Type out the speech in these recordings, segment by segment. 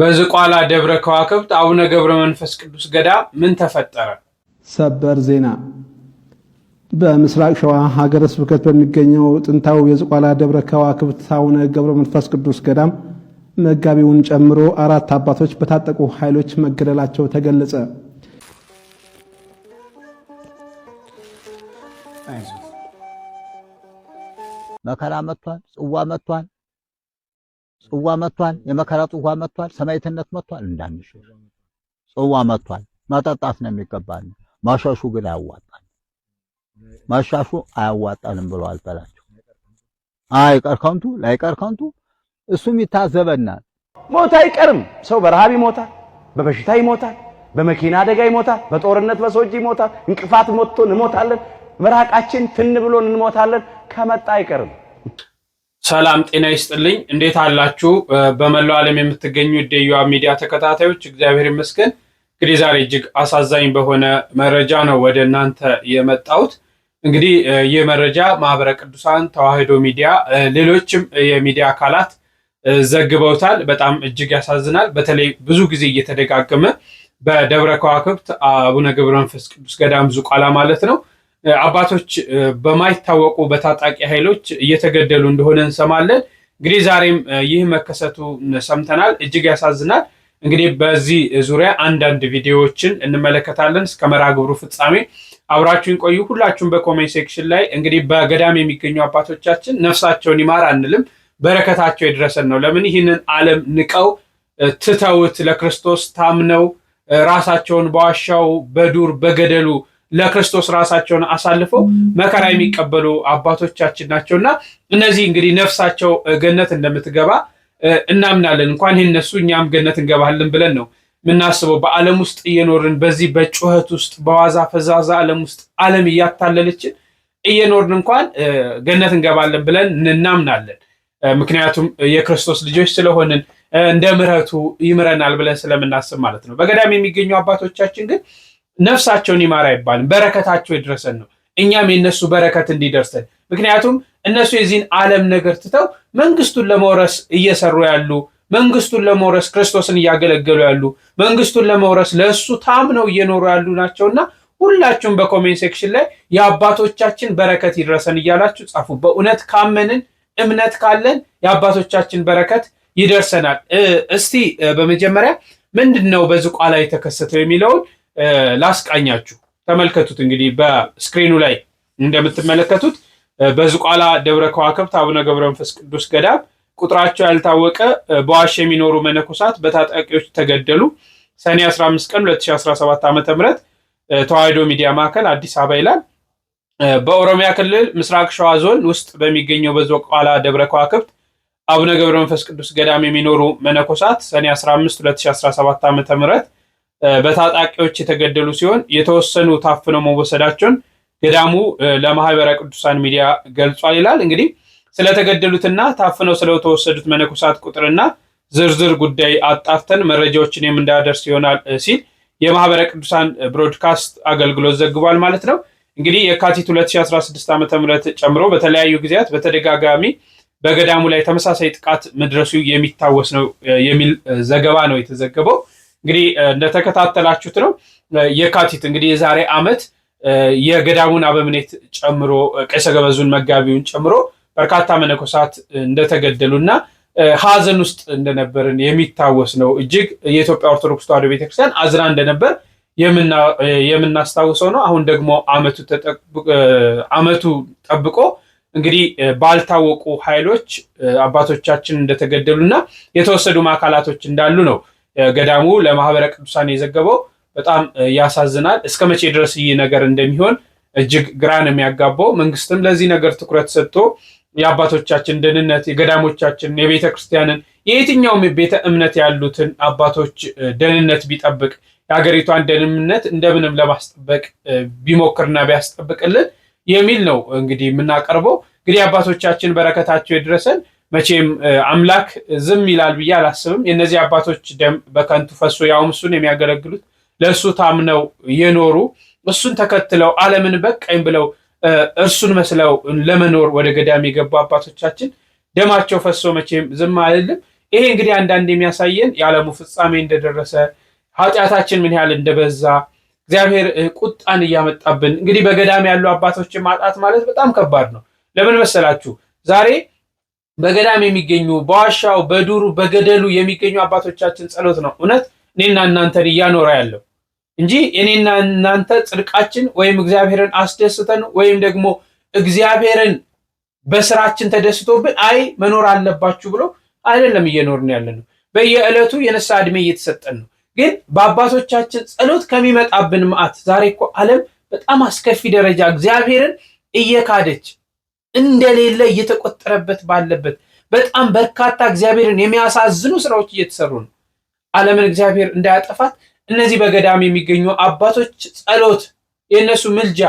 በዝቋላ ደብረ ከዋክብት አቡነ ገብረ መንፈስ ቅዱስ ገዳም ምን ተፈጠረ? ሰበር ዜና። በምስራቅ ሸዋ ሀገረ ስብከት በሚገኘው ጥንታዊ የዝቋላ ደብረ ከዋክብት አቡነ ገብረ መንፈስ ቅዱስ ገዳም መጋቢውን ጨምሮ አራት አባቶች በታጠቁ ኃይሎች መገደላቸው ተገለጸ። መከራ መጥቷል፣ ጽዋ መጥቷል። ጽዋ መጥቷል፣ የመከራ ጽዋ መጥቷል፣ ሰማይትነት መጥቷል እንዳንሽ ጽዋ መጥቷል፣ መጠጣት ነው የሚገባን። ማሻሹ ግን አያዋጣን፣ ማሻሹ አያዋጣንም ብሎ በላቸው። አይቀር ከንቱ ላይቀር ከንቱ እሱም ይታዘበናል። ሞት አይቀርም። ሰው በረሃብ ይሞታል፣ በበሽታ ይሞታል፣ በመኪና አደጋ ይሞታል፣ በጦርነት በሰው እጅ ይሞታል። እንቅፋት ሞቶ እንሞታለን፣ መራቃችን ትን ብሎን እንሞታለን። ከመጣ አይቀርም። ሰላም ጤና ይስጥልኝ። እንዴት አላችሁ? በመላው ዓለም የምትገኙ የኢዮሃ ሚዲያ ተከታታዮች እግዚአብሔር ይመስገን። እንግዲህ ዛሬ እጅግ አሳዛኝ በሆነ መረጃ ነው ወደ እናንተ የመጣሁት። እንግዲህ ይህ መረጃ ማህበረ ቅዱሳን ተዋህዶ ሚዲያ፣ ሌሎችም የሚዲያ አካላት ዘግበውታል። በጣም እጅግ ያሳዝናል። በተለይ ብዙ ጊዜ እየተደጋገመ በደብረ ከዋክብት አቡነ ገብረ መንፈስ ቅዱስ ገዳም ዝቋላ ማለት ነው አባቶች በማይታወቁ በታጣቂ ኃይሎች እየተገደሉ እንደሆነ እንሰማለን። እንግዲህ ዛሬም ይህ መከሰቱ ሰምተናል። እጅግ ያሳዝናል። እንግዲህ በዚህ ዙሪያ አንዳንድ ቪዲዮዎችን እንመለከታለን። እስከ መርሃ ግብሩ ፍጻሜ አብራችሁን ቆዩ። ሁላችሁም በኮሜንት ሴክሽን ላይ እንግዲህ በገዳም የሚገኙ አባቶቻችን ነፍሳቸውን ይማር አንልም፣ በረከታቸው የደረሰን ነው። ለምን ይህንን ዓለም ንቀው ትተውት ለክርስቶስ ታምነው ራሳቸውን በዋሻው በዱር በገደሉ ለክርስቶስ ራሳቸውን አሳልፈው መከራ የሚቀበሉ አባቶቻችን ናቸውእና እነዚህ እንግዲህ ነፍሳቸው ገነት እንደምትገባ እናምናለን። እንኳን ይህ እነሱ እኛም ገነት እንገባለን ብለን ነው የምናስበው። በዓለም ውስጥ እየኖርን በዚህ በጩኸት ውስጥ በዋዛ ፈዛዛ ዓለም ውስጥ ዓለም እያታለለችን እየኖርን እንኳን ገነት እንገባለን ብለን እናምናለን። ምክንያቱም የክርስቶስ ልጆች ስለሆንን እንደ ምሕረቱ ይምረናል ብለን ስለምናስብ ማለት ነው። በገዳም የሚገኙ አባቶቻችን ግን ነፍሳቸውን ይማር አይባልም። በረከታቸው የድረሰን ነው። እኛም የነሱ በረከት እንዲደርሰን ምክንያቱም እነሱ የዚህን ዓለም ነገር ትተው መንግስቱን ለመውረስ እየሰሩ ያሉ መንግስቱን ለመውረስ ክርስቶስን እያገለገሉ ያሉ መንግስቱን ለመውረስ ለእሱ ታምነው እየኖሩ ያሉ ናቸውና ሁላችሁም በኮሜንት ሴክሽን ላይ የአባቶቻችን በረከት ይድረሰን እያላችሁ ጻፉ። በእውነት ካመንን እምነት ካለን የአባቶቻችን በረከት ይደርሰናል። እስቲ በመጀመሪያ ምንድን ነው በዝቋላ የተከሰተው የሚለውን ላስቃኛችሁ። ተመልከቱት እንግዲህ በስክሪኑ ላይ እንደምትመለከቱት በዝቋላ ደብረ ከዋክብት አቡነ ገብረ መንፈስ ቅዱስ ገዳም ቁጥራቸው ያልታወቀ በዋሽ የሚኖሩ መነኮሳት በታጣቂዎች ተገደሉ። ሰኔ 15 ቀን 2017 ዓ ም ተዋሕዶ ሚዲያ ማዕከል አዲስ አበባ ይላል። በኦሮሚያ ክልል ምስራቅ ሸዋ ዞን ውስጥ በሚገኘው በዝቋላ ደብረ ከዋክብት አቡነ ገብረ መንፈስ ቅዱስ ገዳም የሚኖሩ መነኮሳት ሰኔ 15 2017 ዓ ም በታጣቂዎች የተገደሉ ሲሆን የተወሰኑ ታፍነው መወሰዳቸውን ገዳሙ ለማህበረ ቅዱሳን ሚዲያ ገልጿል ይላል። እንግዲህ ስለተገደሉትና ታፍነው ስለተወሰዱት መነኮሳት ቁጥርና ዝርዝር ጉዳይ አጣርተን መረጃዎችን የምንዳደርስ ይሆናል ሲል የማህበረ ቅዱሳን ብሮድካስት አገልግሎት ዘግቧል ማለት ነው። እንግዲህ የካቲት 2016 ዓ ም ጨምሮ በተለያዩ ጊዜያት በተደጋጋሚ በገዳሙ ላይ ተመሳሳይ ጥቃት መድረሱ የሚታወስ ነው የሚል ዘገባ ነው የተዘገበው። እንግዲህ እንደተከታተላችሁት ነው። የካቲት እንግዲህ የዛሬ ዓመት የገዳሙን አበምኔት ጨምሮ ቀሰ ገበዙን መጋቢውን ጨምሮ በርካታ መነኮሳት እንደተገደሉ እና ሀዘን ውስጥ እንደነበርን የሚታወስ ነው። እጅግ የኢትዮጵያ ኦርቶዶክስ ተዋሕዶ ቤተክርስቲያን አዝና እንደነበር የምናስታውሰው ነው። አሁን ደግሞ ዓመቱ ጠብቆ እንግዲህ ባልታወቁ ኃይሎች አባቶቻችን እንደተገደሉና የተወሰዱም አካላቶች እንዳሉ ነው ገዳሙ ለማህበረ ቅዱሳን የዘገበው በጣም ያሳዝናል። እስከ መቼ ድረስ ይህ ነገር እንደሚሆን እጅግ ግራን የሚያጋባው መንግስትም ለዚህ ነገር ትኩረት ሰጥቶ የአባቶቻችን ደህንነት፣ የገዳሞቻችን፣ የቤተ ክርስቲያንን የየትኛውም ቤተ እምነት ያሉትን አባቶች ደህንነት ቢጠብቅ የሀገሪቷን ደህንነት እንደምንም ለማስጠበቅ ቢሞክርና ቢያስጠብቅልን የሚል ነው እንግዲህ የምናቀርበው። እንግዲህ አባቶቻችን በረከታቸው የደረሰን መቼም አምላክ ዝም ይላል ብዬ አላስብም። የእነዚህ አባቶች ደም በከንቱ ፈሶ ያውም እሱን የሚያገለግሉት ለእሱ ታምነው የኖሩ እሱን ተከትለው ዓለምን በቃኝ ብለው እርሱን መስለው ለመኖር ወደ ገዳም የገቡ አባቶቻችን ደማቸው ፈሶ መቼም ዝም አይልም። ይሄ እንግዲህ አንዳንድ የሚያሳየን የዓለሙ ፍጻሜ እንደደረሰ ኃጢአታችን ምን ያህል እንደበዛ እግዚአብሔር ቁጣን እያመጣብን እንግዲህ በገዳም ያሉ አባቶችን ማጣት ማለት በጣም ከባድ ነው። ለምን መሰላችሁ ዛሬ በገዳም የሚገኙ በዋሻው በዱሩ በገደሉ የሚገኙ አባቶቻችን ጸሎት ነው እውነት እኔና እናንተን እያኖረ ያለው እንጂ እኔና እናንተ ጽድቃችን ወይም እግዚአብሔርን አስደስተን ወይም ደግሞ እግዚአብሔርን በስራችን ተደስቶብን አይ መኖር አለባችሁ ብሎ አይደለም እየኖርን ያለ ነው። በየዕለቱ የነሳ ዕድሜ እየተሰጠን ነው። ግን በአባቶቻችን ጸሎት ከሚመጣብን መዓት ዛሬ እኮ ዓለም በጣም አስከፊ ደረጃ እግዚአብሔርን እየካደች እንደሌለ እየተቆጠረበት ባለበት በጣም በርካታ እግዚአብሔርን የሚያሳዝኑ ስራዎች እየተሰሩ ነው። ዓለምን እግዚአብሔር እንዳያጠፋት እነዚህ በገዳም የሚገኙ አባቶች ጸሎት፣ የእነሱ ምልጃ፣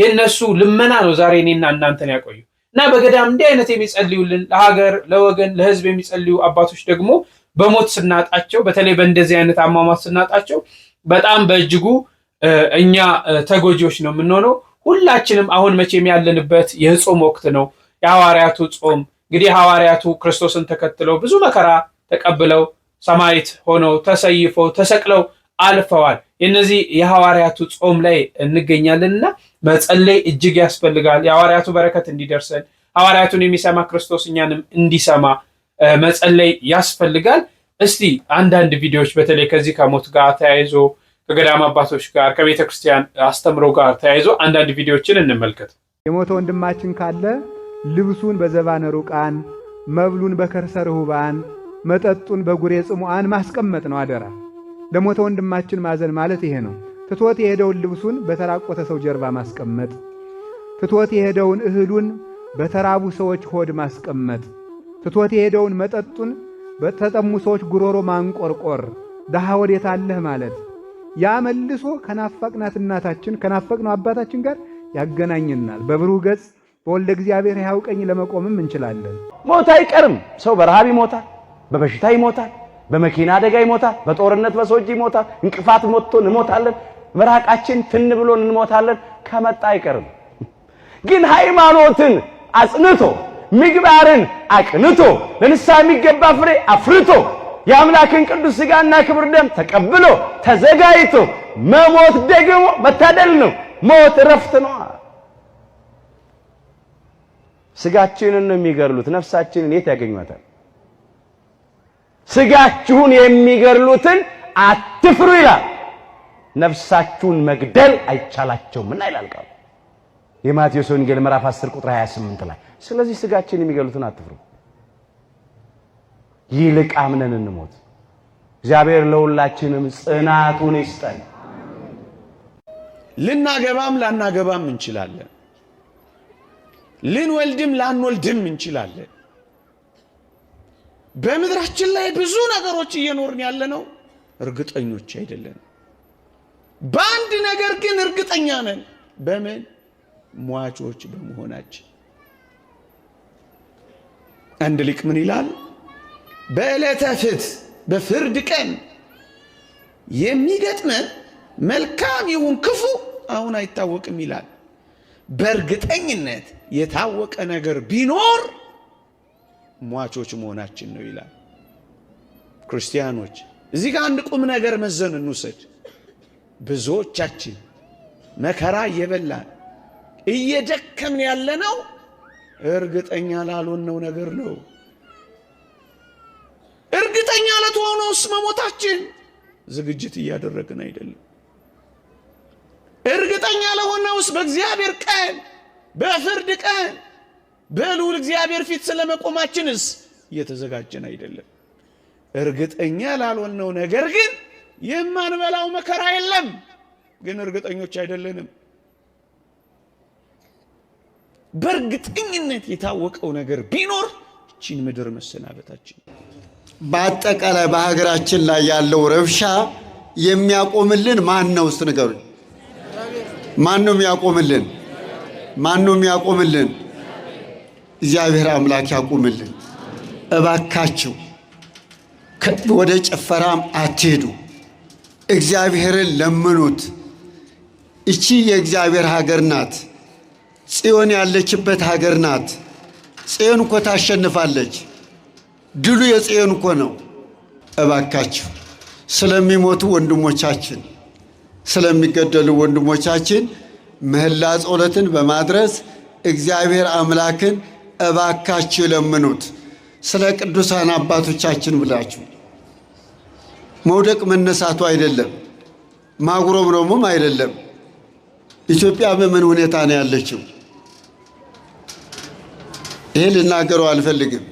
የእነሱ ልመና ነው ዛሬ እኔና እናንተን ያቆዩ እና በገዳም እንዲህ አይነት የሚጸልዩልን ለሀገር፣ ለወገን፣ ለህዝብ የሚጸልዩ አባቶች ደግሞ በሞት ስናጣቸው፣ በተለይ በእንደዚህ አይነት አሟሟት ስናጣቸው በጣም በእጅጉ እኛ ተጎጂዎች ነው የምንሆነው። ሁላችንም አሁን መቼም ያለንበት የጾም ወቅት ነው፣ የሐዋርያቱ ጾም። እንግዲህ ሐዋርያቱ ክርስቶስን ተከትለው ብዙ መከራ ተቀብለው ሰማይት ሆነው ተሰይፈው ተሰቅለው አልፈዋል። የነዚህ የሐዋርያቱ ጾም ላይ እንገኛለንና መጸለይ እጅግ ያስፈልጋል። የሐዋርያቱ በረከት እንዲደርሰን ሐዋርያቱን የሚሰማ ክርስቶስ እኛንም እንዲሰማ መጸለይ ያስፈልጋል። እስቲ አንዳንድ ቪዲዮዎች በተለይ ከዚህ ከሞት ጋር ተያይዞ ከገዳም አባቶች ጋር ከቤተ ክርስቲያን አስተምሮ ጋር ተያይዞ አንዳንድ ቪዲዮዎችን እንመልከት። የሞተ ወንድማችን ካለ ልብሱን በዘባነ ሩቃን፣ መብሉን በከርሰ ርሁባን፣ መጠጡን በጉሬ ጽሙአን ማስቀመጥ ነው አደራ። ለሞተ ወንድማችን ማዘን ማለት ይሄ ነው። ትቶት የሄደውን ልብሱን በተራቆተ ሰው ጀርባ ማስቀመጥ፣ ትቶት የሄደውን እህሉን በተራቡ ሰዎች ሆድ ማስቀመጥ፣ ትቶት የሄደውን መጠጡን በተጠሙ ሰዎች ጉሮሮ ማንቆርቆር፣ ደሃ ወዴት አለህ ማለት ያ መልሶ ከናፈቅናት እናታችን ከናፈቅነው አባታችን ጋር ያገናኝናል። በብሩህ ገጽ በወልደ እግዚአብሔር ሕያው ቀኝ ለመቆምም እንችላለን። ሞት አይቀርም። ሰው በረሃብ ይሞታል፣ በበሽታ ይሞታል፣ በመኪና አደጋ ይሞታል፣ በጦርነት በሰው እጅ ይሞታል። እንቅፋት ሞቶ እንሞታለን፣ ምራቃችን ትን ብሎን እንሞታለን። ከመጣ አይቀርም። ግን ሃይማኖትን አጽንቶ ምግባርን አቅንቶ ለንስሐ የሚገባ ፍሬ አፍርቶ የአምላክን ቅዱስ ሥጋና ክብር ደም ተቀብሎ ተዘጋጅቶ መሞት ደግሞ መታደል ነው። ሞት እረፍት ነው። ሥጋችንን ነው የሚገድሉት፣ ነፍሳችንን የት ያገኟታል? ሥጋችሁን የሚገድሉትን አትፍሩ ይላል። ነፍሳችሁን መግደል አይቻላቸውምና ይላል ቃሉ የማቴዎስ ወንጌል ምዕራፍ 10 ቁጥር 28 ላይ። ስለዚህ ሥጋችንን የሚገድሉትን አትፍሩ። ይልቅ አምነን እንሞት። እግዚአብሔር ለሁላችንም ጽናቱን ይስጠን። ልናገባም ላናገባም እንችላለን። ልንወልድም ላንወልድም እንችላለን። በምድራችን ላይ ብዙ ነገሮች እየኖርን ያለ ነው፣ እርግጠኞች አይደለን። በአንድ ነገር ግን እርግጠኛ ነን። በምን ሟቾች በመሆናችን። አንድ ሊቅ ምን ይላል? በዕለተ ፍት በፍርድ ቀን የሚገጥመ መልካም ይሁን ክፉ አሁን አይታወቅም ይላል። በእርግጠኝነት የታወቀ ነገር ቢኖር ሟቾች መሆናችን ነው ይላል። ክርስቲያኖች እዚህ ጋር አንድ ቁም ነገር መዘን እንውሰድ። ብዙዎቻችን መከራ እየበላን እየደከምን ያለነው እርግጠኛ ላልሆነው ነገር ነው። እርግጠኛ ለተሆነውስ መሞታችን ዝግጅት እያደረግን አይደለም። እርግጠኛ ለሆነውስ በእግዚአብሔር ቀን፣ በፍርድ ቀን በልዑል እግዚአብሔር ፊት ስለመቆማችንስ እየተዘጋጀን አይደለም። እርግጠኛ ላልሆነው ነገር ግን የማንበላው መከራ የለም፣ ግን እርግጠኞች አይደለንም። በእርግጠኝነት የታወቀው ነገር ቢኖር ይችን ምድር መሰናበታችን በአጠቃላይ በሀገራችን ላይ ያለው ረብሻ የሚያቆምልን ማን ነው? እስቲ ንገሩኝ። ማን ነው የሚያቆምልን? ማን ነው የሚያቆምልን? እግዚአብሔር አምላክ ያቆምልን። እባካችሁ ወደ ጭፈራም አትሄዱ። እግዚአብሔርን ለምኑት። እቺ የእግዚአብሔር ሀገር ናት። ጽዮን ያለችበት ሀገር ናት። ጽዮን እኮ ታሸንፋለች። ድሉ የጽዮን እኮ ነው። እባካችሁ ስለሚሞቱ ወንድሞቻችን፣ ስለሚገደሉ ወንድሞቻችን ምህላ ጸሎትን በማድረስ እግዚአብሔር አምላክን እባካችሁ ለምኑት። ስለ ቅዱሳን አባቶቻችን ብላችሁ መውደቅ መነሳቱ አይደለም፣ ማጉረምረሙም አይደለም። ኢትዮጵያ በምን ሁኔታ ነው ያለችው? ይሄ ልናገረው አልፈልግም።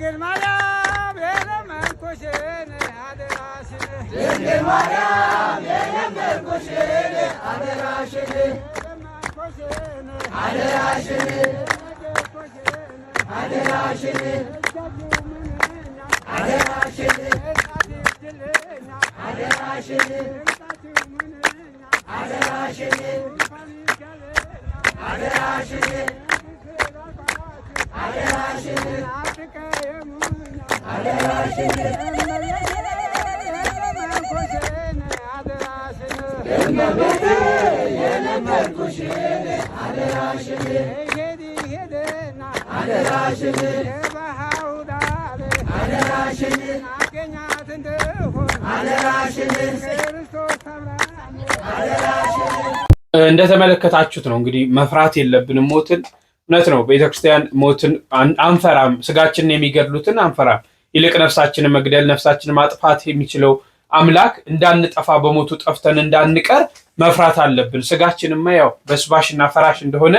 ድንግል ማርያም የለመንኩሽን አደራሽን ድንግል ማርያም የለመንኩሽን አደራሽን የለመንኩሽን አደራሽን አደራሽን አደራሽን አደራሽን አደራሽን አደራሽን እንደተመለከታችሁት ነው እንግዲህ መፍራት የለብንም ሞትን። እውነት ነው። ቤተክርስቲያን ሞትን አንፈራም። ስጋችንን የሚገድሉትን አንፈራም። ይልቅ ነፍሳችንን መግደል፣ ነፍሳችንን ማጥፋት የሚችለው አምላክ እንዳንጠፋ በሞቱ ጠፍተን እንዳንቀር መፍራት አለብን። ስጋችንማ ያው በስባሽና ፈራሽ እንደሆነ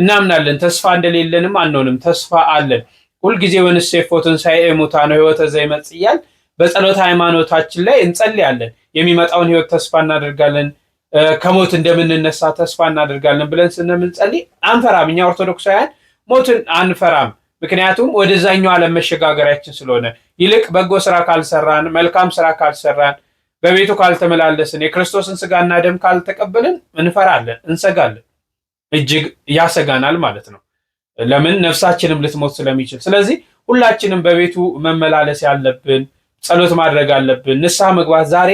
እናምናለን። ተስፋ እንደሌለንም አንሆንም፣ ተስፋ አለን። ሁልጊዜ ወንሴፎ ትንሣኤ ሙታነ ሕይወተ ዘይመጽእ እያልን በጸሎት ሃይማኖታችን ላይ እንጸልያለን። የሚመጣውን ሕይወት ተስፋ እናደርጋለን። ከሞት እንደምንነሳ ተስፋ እናደርጋለን ብለን ስንምንጸልይ አንፈራም። እኛ ኦርቶዶክሳውያን ሞትን አንፈራም። ምክንያቱም ወደዛኛው ዓለም መሸጋገሪያችን ስለሆነ ይልቅ በጎ ስራ ካልሰራን፣ መልካም ስራ ካልሰራን፣ በቤቱ ካልተመላለስን፣ የክርስቶስን ስጋና ደም ካልተቀበልን እንፈራለን፣ እንሰጋለን፣ እጅግ ያሰጋናል ማለት ነው። ለምን ነፍሳችንም ልትሞት ስለሚችል። ስለዚህ ሁላችንም በቤቱ መመላለስ ያለብን፣ ጸሎት ማድረግ አለብን፣ ንስሐ መግባት። ዛሬ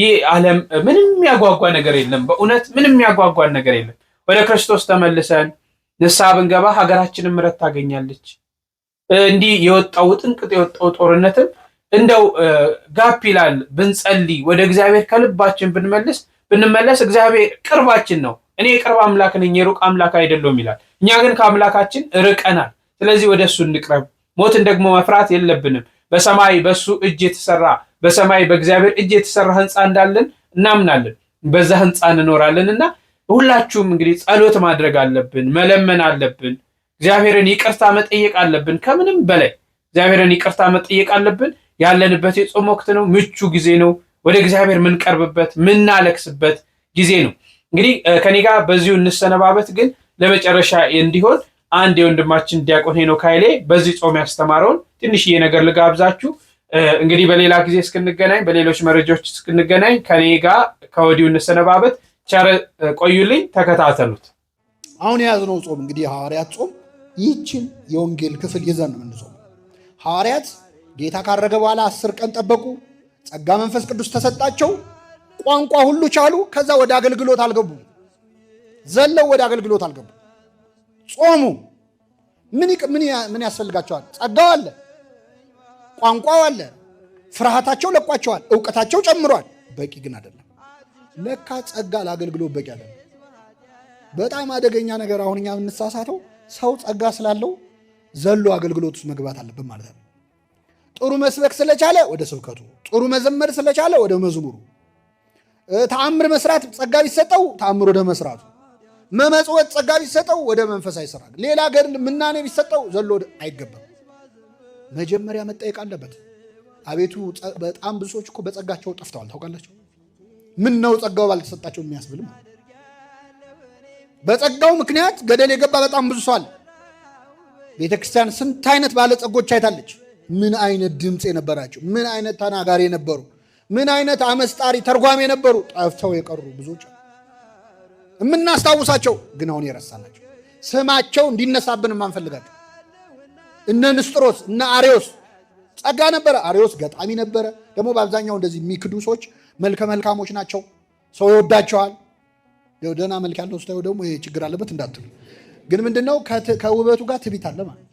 ይህ ዓለም ምንም የሚያጓጓ ነገር የለም። በእውነት ምንም የሚያጓጓን ነገር የለም። ወደ ክርስቶስ ተመልሰን ንስሐ ብንገባ ሀገራችንም ምሕረት ታገኛለች። እንዲህ የወጣው ውጥንቅጥ የወጣው ጦርነትም እንደው ጋፕ ይላል ብንጸልይ፣ ወደ እግዚአብሔር ከልባችን ብንመልስ ብንመለስ እግዚአብሔር ቅርባችን ነው። እኔ የቅርብ አምላክ ነኝ የሩቅ አምላክ አይደለም ይላል። እኛ ግን ከአምላካችን ርቀናል። ስለዚህ ወደ እሱ እንቅረብ። ሞትን ደግሞ መፍራት የለብንም። በሰማይ በእሱ እጅ የተሰራ በሰማይ በእግዚአብሔር እጅ የተሰራ ህንፃ እንዳለን እናምናለን። በዛ ህንፃ እንኖራለን እና ሁላችሁም እንግዲህ ጸሎት ማድረግ አለብን፣ መለመን አለብን። እግዚአብሔርን ይቅርታ መጠየቅ አለብን። ከምንም በላይ እግዚአብሔርን ይቅርታ መጠየቅ አለብን። ያለንበት የጾም ወቅት ነው፣ ምቹ ጊዜ ነው። ወደ እግዚአብሔር ምንቀርብበት ምናለክስበት ጊዜ ነው። እንግዲህ ከኔ ጋር በዚሁ እንሰነባበት። ግን ለመጨረሻ እንዲሆን አንድ የወንድማችን ዲያቆን ሄኖክ ኃይሌ በዚህ ጾም ያስተማረውን ትንሽዬ ነገር ልጋብዛችሁ። እንግዲህ በሌላ ጊዜ እስክንገናኝ፣ በሌሎች መረጃዎች እስክንገናኝ ከኔ ጋር ከወዲሁ እንሰነባበት። ቸር ቆዩልኝ፣ ተከታተሉት። አሁን የያዝነው ጾም እንግዲህ የሐዋርያት ጾም ይህችን የወንጌል ክፍል ይዘን ነው የምንጾመው። ሐዋርያት ጌታ ካረገ በኋላ አስር ቀን ጠበቁ። ጸጋ መንፈስ ቅዱስ ተሰጣቸው። ቋንቋ ሁሉ ቻሉ። ከዛ ወደ አገልግሎት አልገቡ ዘለው ወደ አገልግሎት አልገቡ? ጾሙ። ምን ያስፈልጋቸዋል? ጸጋው አለ፣ ቋንቋው አለ። ፍርሃታቸው ለቋቸዋል። እውቀታቸው ጨምሯል። በቂ ግን አይደለም። ለካ ጸጋ ለአገልግሎት በቂ አይደለም። በጣም አደገኛ ነገር። አሁን እኛ የምንሳሳተው ሰው ጸጋ ስላለው ዘሎ አገልግሎት ውስጥ መግባት አለብን ማለት ነው። ጥሩ መስበክ ስለቻለ ወደ ስብከቱ፣ ጥሩ መዘመር ስለቻለ ወደ መዝሙሩ፣ ተአምር መስራት ጸጋ ቢሰጠው ተአምር ወደ መስራቱ፣ መመጽወት ጸጋ ቢሰጠው ወደ መንፈሳዊ ስራ፣ ሌላ ገድል ምናኔ ቢሰጠው ዘሎ አይገባም። መጀመሪያ መጠየቅ አለበት። አቤቱ በጣም ብዙ ሰዎች እኮ በጸጋቸው ጠፍተዋል። ታውቃላቸው ምን ነው ጸጋው ባልተሰጣቸው የሚያስብል ማለት በጸጋው ምክንያት ገደል የገባ በጣም ብዙ ሰው አለ። ቤተ ክርስቲያን ስንት አይነት ባለጸጎች አይታለች። ምን አይነት ድምፅ የነበራቸው፣ ምን አይነት ተናጋሪ የነበሩ፣ ምን አይነት አመስጣሪ ተርጓሚ የነበሩ ጠፍተው የቀሩ ብዙዎች የምናስታውሳቸው ግን አሁን የረሳናቸው ስማቸው እንዲነሳብን የማንፈልጋቸው እነ ንስጥሮስ እነ አሪዎስ ጸጋ ነበረ። አሪዎስ ገጣሚ ነበረ። ደግሞ በአብዛኛው እንደዚህ የሚክዱ ሰዎች መልከ መልካሞች ናቸው። ሰው ይወዳቸዋል። ደህና መልክ ያለው ስታዩ ደግሞ ይሄ ችግር አለበት እንዳትሉ። ግን ምንድነው ከውበቱ ጋር ትቢት አለ ማለት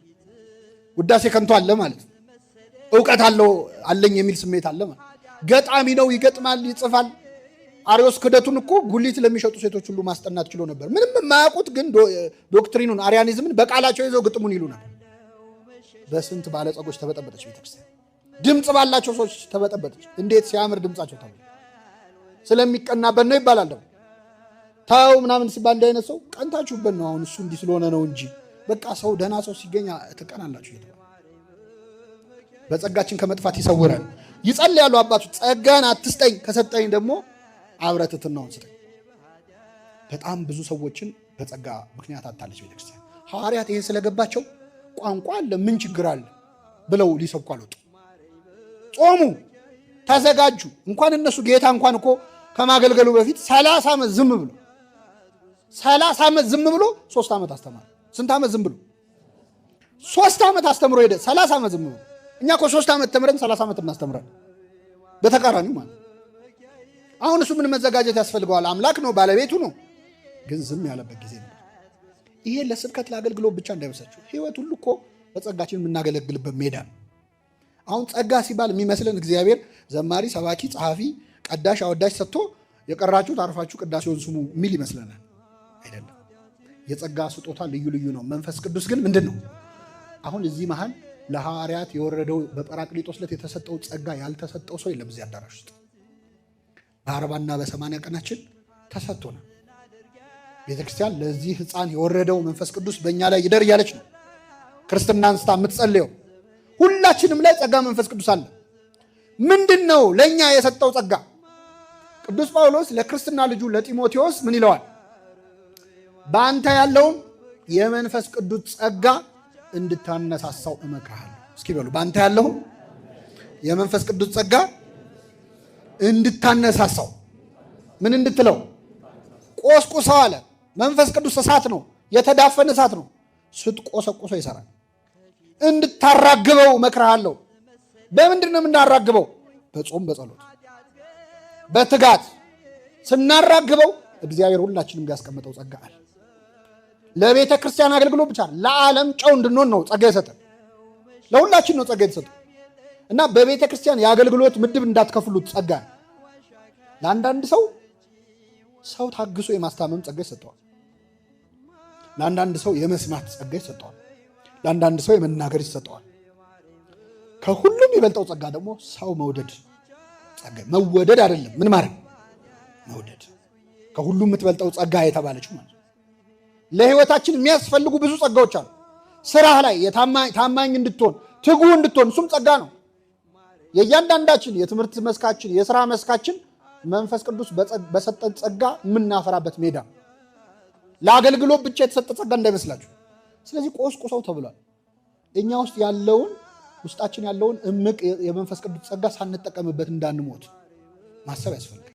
ውዳሴ ከንቶ አለ ማለት እውቀት አለው አለኝ የሚል ስሜት አለ ማለት ገጣሚ ነው ይገጥማል፣ ይጽፋል። አሪዮስ ክደቱን እኮ ጉሊት ለሚሸጡ ሴቶች ሁሉ ማስጠናት ችሎ ነበር። ምንም የማያውቁት ግን ዶክትሪኑን አሪያኒዝምን በቃላቸው ይዘው ግጥሙን ይሉ ነበር። በስንት ባለጸጎች ተበጠበጠች ቤተክርስቲያን፣ ድምፅ ባላቸው ሰዎች ተበጠበጠች። እንዴት ሲያምር ድምፃቸው ተብሎ ስለሚቀናበት ነው ይባላል ደግሞ ታው ምናምን ሲባል እንዲህ አይነት ሰው ቀንታችሁበት ነው። አሁን እሱ እንዲህ ስለሆነ ነው እንጂ በቃ ሰው ደህና ሰው ሲገኝ ትቀናላችሁ። በጸጋችን ከመጥፋት ይሰውረን። ያሉ አባቶች፣ ጸጋን አትስጠኝ፣ ከሰጠኝ ደግሞ አብረትትን ነው ስጠኝ። በጣም ብዙ ሰዎችን በጸጋ ምክንያት አታለች ቤተክርስቲያን። ሐዋርያት ይሄ ስለገባቸው ቋንቋ አለ ምን ችግር አለ ብለው ሊሰብኩ አልወጡ። ጾሙ፣ ተዘጋጁ። እንኳን እነሱ ጌታ እንኳን እኮ ከማገልገሉ በፊት ሰላሳ ዓመት ዝም ብሎ ሰላሳ ዓመት ዝም ብሎ ሶስት ዓመት አስተማረ። ስንት ዓመት ዝም ብሎ ሶስት ዓመት አስተምሮ ሄደ። ሰላሳ ዓመት ዝም ብሎ እኛ እኮ ሶስት ዓመት ተምረን ሰላሳ ዓመት እናስተምረን በተቃራኒ ማለት አሁን እሱ ምን መዘጋጀት ያስፈልገዋል? አምላክ ነው ባለቤቱ ነው። ግን ዝም ያለበት ጊዜ ነው። ይሄ ለስብከት ለአገልግሎት ብቻ እንዳይወሳችሁ። ህይወት ሁሉ እኮ በጸጋችን የምናገለግልበት ሜዳ ነው። አሁን ጸጋ ሲባል የሚመስለን እግዚአብሔር ዘማሪ፣ ሰባኪ፣ ጸሐፊ፣ ቀዳሽ፣ አወዳሽ ሰጥቶ የቀራችሁት አርፋችሁ ቅዳሴውን ስሙ የሚል ይመስለናል። አይደለም። የጸጋ ስጦታ ልዩ ልዩ ነው። መንፈስ ቅዱስ ግን ምንድን ነው? አሁን እዚህ መሃል ለሐዋርያት የወረደው በጰራቅሊጦስ ዕለት የተሰጠው ጸጋ ያልተሰጠው ሰው የለም እዚህ አዳራሽ ውስጥ። በአርባና በሰማንያ ቀናችን ተሰጥቶናል። ቤተክርስቲያን ለዚህ ሕፃን የወረደው መንፈስ ቅዱስ በእኛ ላይ ይደር እያለች ነው ክርስትና አንስታ የምትጸልየው። ሁላችንም ላይ ጸጋ መንፈስ ቅዱስ አለ። ምንድን ነው ለእኛ የሰጠው ጸጋ? ቅዱስ ጳውሎስ ለክርስትና ልጁ ለጢሞቴዎስ ምን ይለዋል? በአንተ ያለውን የመንፈስ ቅዱስ ጸጋ እንድታነሳሳው እመክርሃለሁ። እስኪ በሉ በአንተ ያለውን የመንፈስ ቅዱስ ጸጋ እንድታነሳሳው ምን እንድትለው ቆስቁሰው አለ። መንፈስ ቅዱስ እሳት ነው፣ የተዳፈነ እሳት ነው። ስትቆሰቁሶ ይሰራል። እንድታራግበው እመክርሃለሁ። በምንድን ነው የምናራግበው? በጾም በጸሎት በትጋት ስናራግበው እግዚአብሔር ሁላችንም ያስቀመጠው ጸጋ አለ። ለቤተ ክርስቲያን አገልግሎት ብቻ ለዓለም ጨው እንድንሆን ነው ጸጋ የሰጠን። ለሁላችን ነው ጸጋ የተሰጠ እና በቤተ ክርስቲያን የአገልግሎት ምድብ እንዳትከፍሉት ጸጋ ለአንዳንድ ሰው ሰው ታግሶ የማስታመም ጸጋ ይሰጠዋል። ለአንዳንድ ሰው የመስማት ጸጋ ይሰጠዋል። ለአንዳንድ ሰው የመናገር ይሰጠዋል። ከሁሉም የበልጠው ጸጋ ደግሞ ሰው መውደድ ጸጋ መወደድ አይደለም ምን ማለት መውደድ ከሁሉም የምትበልጠው ጸጋ የተባለችው ማለት ለህይወታችን የሚያስፈልጉ ብዙ ጸጋዎች አሉ። ስራህ ላይ ታማኝ እንድትሆን ትጉ እንድትሆን እሱም ጸጋ ነው። የእያንዳንዳችን የትምህርት መስካችን፣ የስራ መስካችን መንፈስ ቅዱስ በሰጠን ጸጋ የምናፈራበት ሜዳ ነው። ለአገልግሎት ብቻ የተሰጠ ጸጋ እንዳይመስላችሁ። ስለዚህ ቆስቁሰው ተብሏል። እኛ ውስጥ ያለውን ውስጣችን ያለውን እምቅ የመንፈስ ቅዱስ ጸጋ ሳንጠቀምበት እንዳንሞት ማሰብ ያስፈልጋል።